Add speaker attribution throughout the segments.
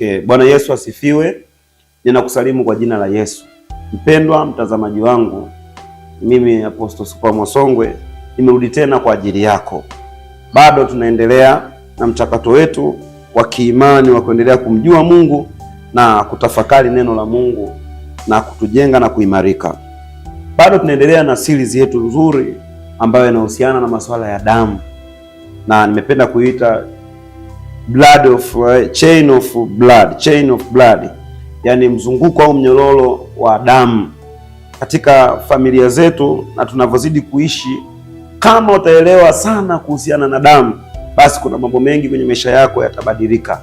Speaker 1: Okay, eh, Bwana Yesu asifiwe. Ninakusalimu kwa jina la Yesu. Mpendwa mtazamaji wangu, mimi Apostle Super Mwasongwe nimerudi tena kwa ajili yako. Bado tunaendelea na mchakato wetu wa kiimani wa kuendelea kumjua Mungu na kutafakari neno la Mungu na kutujenga na kuimarika. Bado tunaendelea na series yetu nzuri ambayo inahusiana na masuala ya damu na nimependa kuita blood of uh, chain of blood, chain of blood, yani mzunguko au mnyororo wa damu katika familia zetu na tunavyozidi kuishi. Kama utaelewa sana kuhusiana na damu, basi kuna mambo mengi kwenye maisha yako yatabadilika,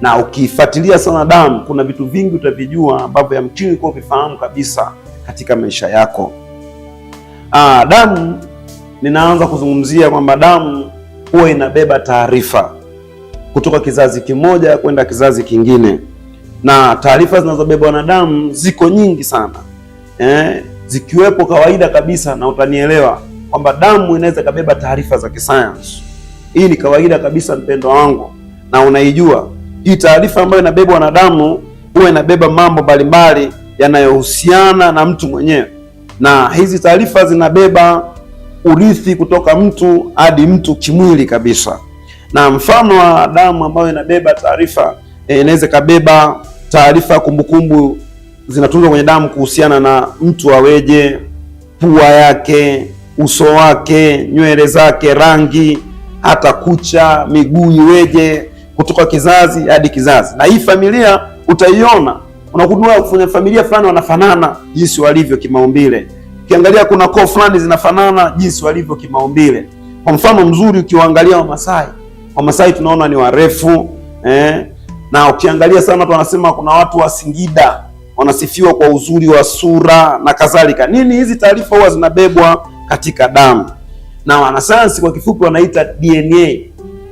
Speaker 1: na ukifuatilia sana damu, kuna vitu vingi utavijua ambavyo yamkini kwa uvifahamu kabisa katika maisha yako. Aa, ah, damu ninaanza kuzungumzia kwamba damu huwa inabeba taarifa kutoka kizazi kimoja kwenda kizazi kingine, na taarifa zinazobebwa na damu ziko nyingi sana eh, zikiwepo kawaida kabisa, na utanielewa kwamba damu inaweza ikabeba taarifa za kisayansi. Hii ni kawaida kabisa, mpendwa wangu, na unaijua hii taarifa ambayo inabebwa na damu huwa inabeba mambo mbalimbali yanayohusiana na mtu mwenyewe, na hizi taarifa zinabeba urithi kutoka mtu hadi mtu kimwili kabisa na mfano wa damu ambayo inabeba taarifa e, inaweza e, kabeba taarifa, kumbukumbu zinatunzwa kwenye damu kuhusiana na mtu aweje, pua yake, uso wake, nywele zake, rangi, hata kucha, miguu iweje, kutoka kizazi hadi kizazi. Na hii familia utaiona, unakundua kwenye familia fulani wanafanana jinsi walivyo kimaumbile. Ukiangalia kuna koo fulani zinafanana jinsi walivyo kimaumbile. Kwa mfano mzuri, ukiwaangalia Wamasai Wamasai tunaona ni warefu eh, na ukiangalia sana tunasema wanasema kuna watu wa Singida wanasifiwa kwa uzuri wa sura na kadhalika. Nini hizi taarifa huwa zinabebwa katika damu, na wanasayansi kwa kifupi wanaita DNA.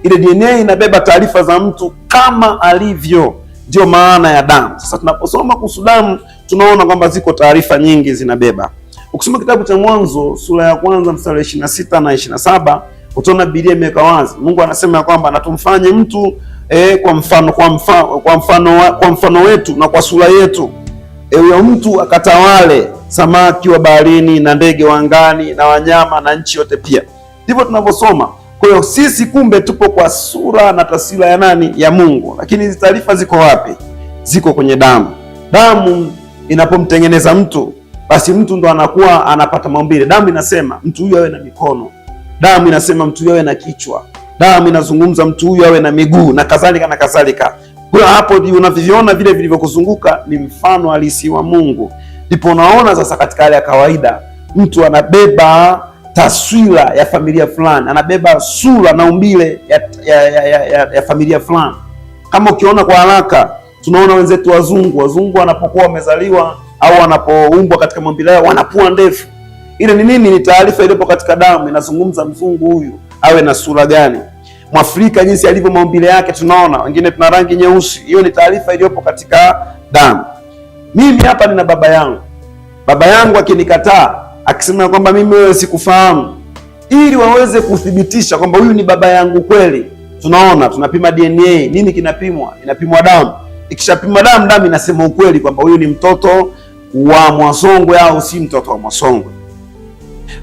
Speaker 1: Ile DNA inabeba taarifa za mtu kama alivyo, ndio maana ya damu. Sasa tunaposoma kuhusu damu, tunaona kwamba ziko taarifa nyingi zinabeba. Ukisoma kitabu cha Mwanzo sura ya kwanza mstari wa 26 na 27 utaona Biblia imeweka wazi. Mungu anasema ya kwamba natumfanye mtu eh, kwa mfano kwa mfano, kwa mfano kwa mfano wetu na kwa sura yetu, huyo e, mtu akatawale samaki wa baharini na ndege wa angani na wanyama na nchi yote pia. Ndivyo tunavyosoma. Kwa hiyo sisi kumbe tupo kwa sura na taswira ya nani? Ya Mungu. Lakini hizi taarifa ziko wapi? Ziko kwenye damu. Damu inapomtengeneza mtu, basi mtu ndo anakuwa anapata maumbile. Damu inasema mtu huyu awe na mikono damu inasema mtu huyu awe na kichwa, damu inazungumza mtu huyu awe na miguu na kadhalika na kadhalika. Kwa hapo unavyoviona vile vilivyokuzunguka ni mfano halisi wa Mungu, ndipo unaona sasa. Katika hali ya kawaida, mtu anabeba taswira ya familia fulani, anabeba sura na umbile ya, ya, ya, ya, ya, ya familia fulani. Kama ukiona kwa haraka, tunaona wenzetu wazungu, wazungu wanapokuwa wamezaliwa au wanapoumbwa katika maumbile yao, wanapua ndefu ile ni nini? Ni taarifa iliyopo katika damu, inazungumza mzungu huyu awe na sura gani, mwafrika jinsi alivyo, maumbile yake tunaona, wengine tuna rangi nyeusi. Hiyo ni taarifa iliyopo katika damu. Mimi hapa nina baba yangu, baba yangu akinikataa akisema kwamba mimi wewe sikufahamu, ili waweze kuthibitisha kwamba huyu ni baba yangu kweli, tunaona tunapima DNA. Nini kinapimwa? Inapimwa damu. Ikishapimwa damu, damu inasema ukweli kwamba huyu ni mtoto wa Mwasongwe au si mtoto wa Mwasongwe.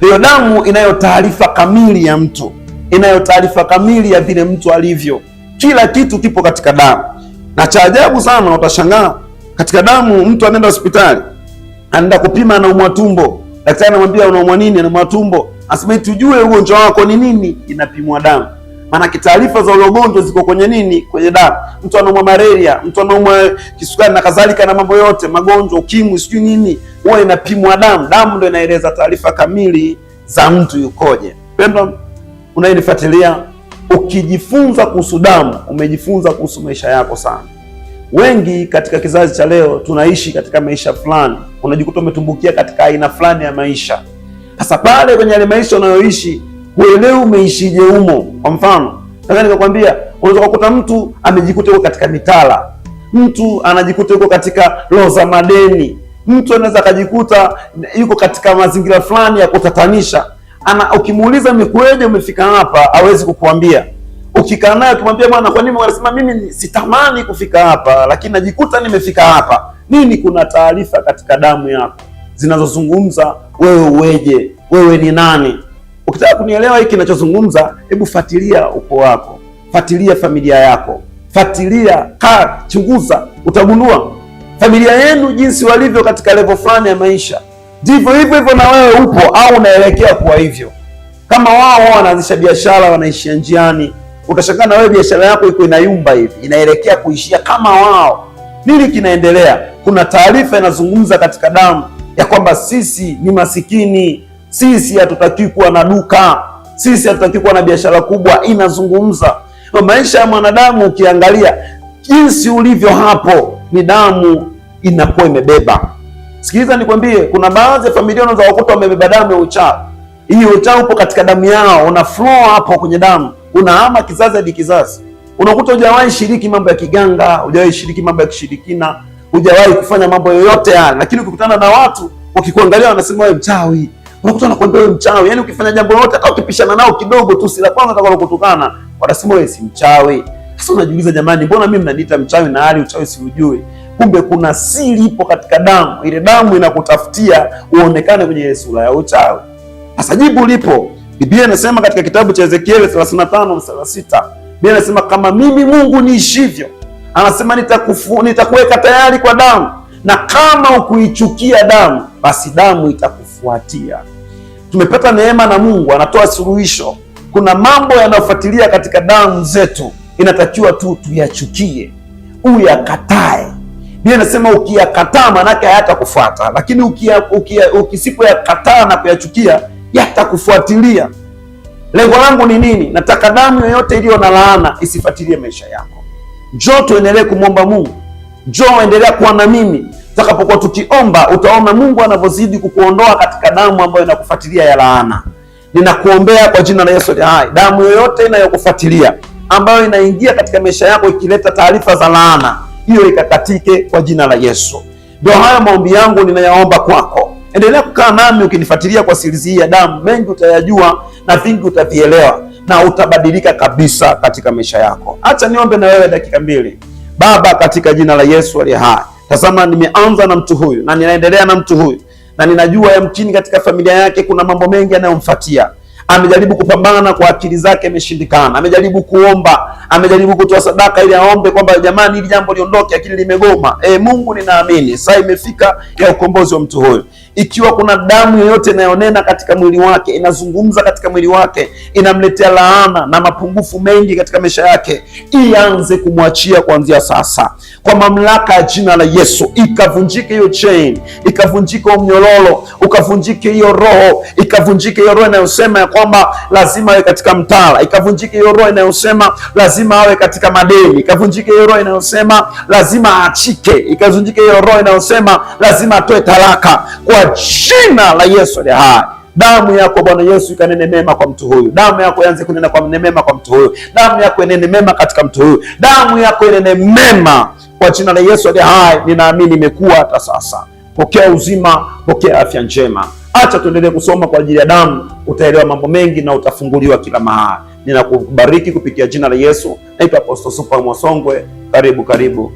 Speaker 1: Ndiyo damu inayo taarifa kamili ya mtu, inayo taarifa kamili ya vile mtu alivyo. Kila kitu kipo katika damu, na cha ajabu sana, utashangaa katika damu. Mtu anaenda hospitali, anaenda kupima, anaumwa tumbo, daktari anamwambia unaumwa nini? Anaumwa tumbo, asema tujue ugonjwa wako ni nini, inapimwa damu Maanake taarifa za ule ugonjwa ziko kwenye nini? Kwenye damu. Mtu anaumwa malaria, mtu anaumwa kisukari na kadhalika, na mambo yote magonjwa, ukimwi, sijui nini, huwa inapimwa damu. Damu ndio inaeleza taarifa kamili za mtu yukoje. Pendwa unayenifuatilia, ukijifunza kuhusu damu, umejifunza kuhusu maisha yako sana. Wengi katika kizazi cha leo tunaishi katika maisha fulani, unajikuta umetumbukia katika aina fulani ya maisha. Sasa pale kwenye yale maisha unayoishi huelewi umeishije humo. Kwa mfano, nataka nikakwambia, unaweza kukuta mtu amejikuta huko katika mitala, mtu anajikuta huko katika roho za madeni, mtu anaweza akajikuta yuko katika mazingira fulani ya kutatanisha. Ana ukimuuliza imekuweje umefika hapa, hawezi kukuambia. Ukikaa naye ukimwambia, bwana, kwa nini unasema mimi sitamani kufika hapa, lakini najikuta nimefika hapa nini? Kuna taarifa katika damu yako zinazozungumza wewe uweje, wewe ni nani. Ukitaka kunielewa hiki ninachozungumza, hebu fuatilia ukoo wako, fuatilia familia yako, fuatilia, kaa, chunguza, utagundua familia yenu jinsi walivyo katika level fulani ya maisha, ndivyo hivyo hivyo na wewe upo au unaelekea kuwa hivyo. Kama wao wao wanaanzisha biashara, wanaishia njiani, utashangaa na wewe biashara yako iko inayumba hivi, inaelekea kuishia kama wao. Nini kinaendelea? Kuna taarifa inazungumza katika damu ya kwamba sisi ni masikini sisi hatutaki kuwa na duka, sisi hatutaki kuwa na biashara kubwa. Inazungumza maisha ya mwanadamu. Ukiangalia jinsi ulivyo hapo, ni damu inakuwa imebeba. Sikiliza nikwambie, kuna baadhi ya familia unaweza kukuta wamebeba damu ya uchawi. Hii uchawi upo katika damu yao, una flow hapo kwenye damu, unahama kizazi hadi kizazi. Unakuta hujawahi shiriki mambo ya kiganga, hujawahi shiriki mambo ya kishirikina, hujawahi kufanya mambo yoyote yale, lakini ukikutana na watu wakikuangalia wanasema wewe mchawi unakuta anakuambia wewe mchawi. Yani ukifanya jambo lolote, hata ukipishana nao kidogo tu, si la kwanza atakalo kutukana, watasema wewe si mchawi. Sasa unajiuliza, jamani, mbona mimi mnaniita mchawi na hali uchawi siujui? Kumbe kuna siri ipo katika damu. Ile damu inakutafutia uonekane kwenye sura ya uchawi. Sasa jibu lipo. Biblia inasema katika kitabu cha Ezekieli 35:36 Biblia inasema kama mimi Mungu niishivyo, anasema nitakufu nitakuweka tayari kwa damu na kama ukuichukia damu, basi damu itakufuatia. Tumepata neema na Mungu anatoa suluhisho. Kuna mambo yanayofuatilia katika damu zetu, inatakiwa tu tuyachukie, uyakatae. Biblia inasema ukiyakataa, maanake hayatakufuata, lakini ukisipoyakataa na kuyachukia, yatakufuatilia. Lengo langu ni nini? Nataka damu yoyote iliyo na laana isifuatilie maisha yako. Njoo tuendelee kumwomba Mungu Njoo endelea kuwa na mimi. Utakapokuwa tukiomba, utaona Mungu anavyozidi kukuondoa katika damu ambayo inakufuatilia ya laana. Ninakuombea kwa jina la Yesu hai, damu yoyote inayokufuatilia ambayo inaingia katika maisha yako ikileta taarifa za laana, hiyo ikakatike kwa jina la Yesu. Ndio haya maombi yangu ninayaomba kwako. Endelea kukaa nami ukinifuatilia kwa siri hii ya damu. Mengi utayajua na vingi utavielewa na utabadilika kabisa katika maisha yako. Acha niombe na wewe dakika mbili. Baba, katika jina la Yesu aliye hai, tazama, nimeanza na mtu huyu na ninaendelea na mtu huyu, na ninajua yamkini katika familia yake kuna mambo mengi yanayomfuatia. Amejaribu kupambana kwa akili zake, ameshindikana Amejaribu kuomba amejaribu kutoa sadaka ili aombe kwamba jamani, hili jambo liondoke, lakini limegoma. E, Mungu ninaamini saa imefika ya ukombozi wa mtu huyu. Ikiwa kuna damu yoyote inayonena katika mwili wake, inazungumza katika mwili wake, inamletea laana na mapungufu mengi katika maisha yake, ianze kumwachia kuanzia sasa, kwa mamlaka ya jina la Yesu, ikavunjike hiyo chain, ikavunjike mnyololo, ukavunjike hiyo roho, ikavunjike hiyo roho inayosema ya kwamba lazima awe katika mtala, ikavunjike hiyo roho inayosema lazima lazima awe katika madeni, ikavunjike hiyo roho inayosema lazima aachike, ikavunjike hiyo roho inayosema lazima atoe talaka kwa jina la Yesu aliye hai. Damu yako Bwana Yesu ikanene mema kwa mtu huyu. Damu yako ianze kunena kwa mema kwa mtu huyu. Damu yako inene mema katika mtu huyu. Damu yako inene mema kwa jina la Yesu aliye hai. Ninaamini imekuwa hata sasa. Pokea uzima, pokea afya njema. Acha tuendelee kusoma kwa ajili ya damu, utaelewa mambo mengi na utafunguliwa kila mahali. Ninakubariki kupitia jina la Yesu. Naitwa Apostle Super Mwasongwe. Karibu, karibu.